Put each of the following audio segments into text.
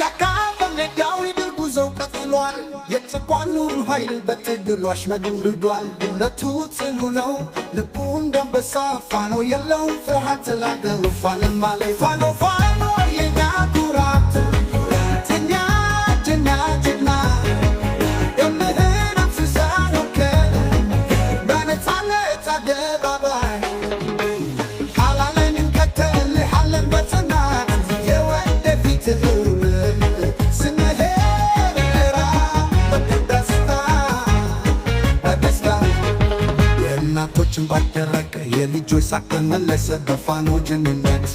ጫካ በሜዳው የድል ጉዞው ቀጥሏል። የተቋኑን ኃይል በትግሉ አሽመድምድዷል። እምነቱ ጽኑ ነው፣ ልቡ እንደ አንበሳ ፋኖ የለውም ፍርሃት። ላገሩ ፋንማ ላይ ፋኖ ፋኖ የኛ ኩራት አደባባይ ፍቅራችን ባደረቀ የልጆች ሳቅ ተመለሰ በፋኖጅንነት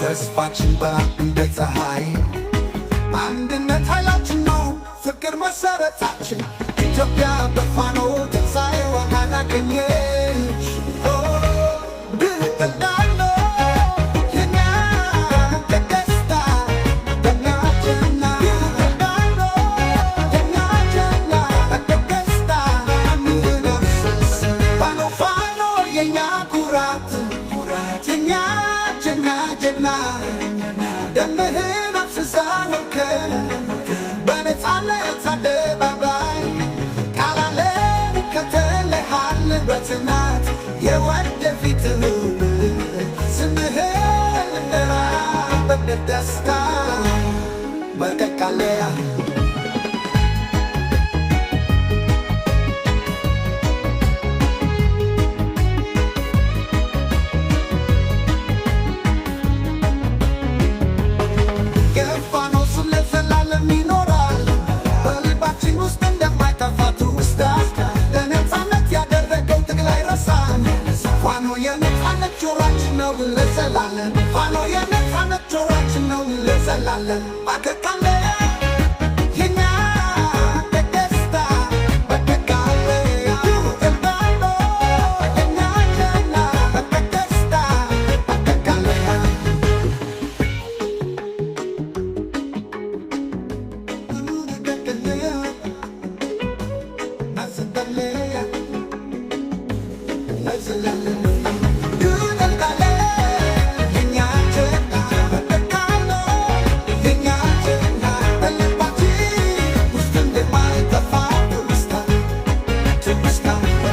ተስፋችን በራ እንደ ፀሐይ አንድነት ኃይላችን ነው ፍቅር መሰረታችን ኢትዮጵያ በፋኖ አድርጌና ደምህን አፍስሳ ወከል በነፃነት አደባባይ ቃላለ ከተለሃል በትናት የወደፊት ስምህን እንራ በደስታ መቀቃለያ የነፃነት ጆሯችን ነው እንዘላለን ፋኖ የነፃነት ጆሯችን ነው እንዘላለን ባከካለ está